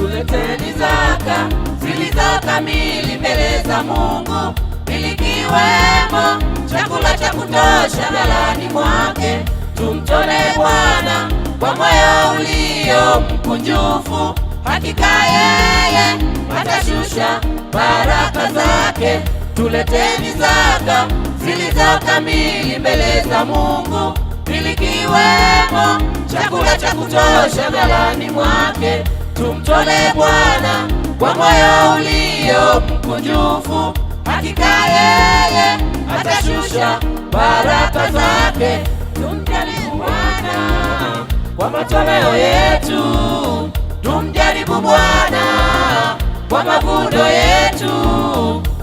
Tuleteni zaka zilizokamili mbele za Mungu, ili chakula cha kutosha ghalani mwake. Tumtolee Bwana kwa moyo ulio mkunjufu, hakika yeye atashusha baraka zake. Tuleteni zaka zilizokamili mbele za Mungu, ilikiwemo chakula cha kutosha ghalani mwake Tumtole Bwana kwa moyo ulio mkunjufu, hakika yeye atashusha baraka zake. Tumjaribu Bwana kwa matoleo yetu, tumjaribu Bwana kwa mavuno yetu.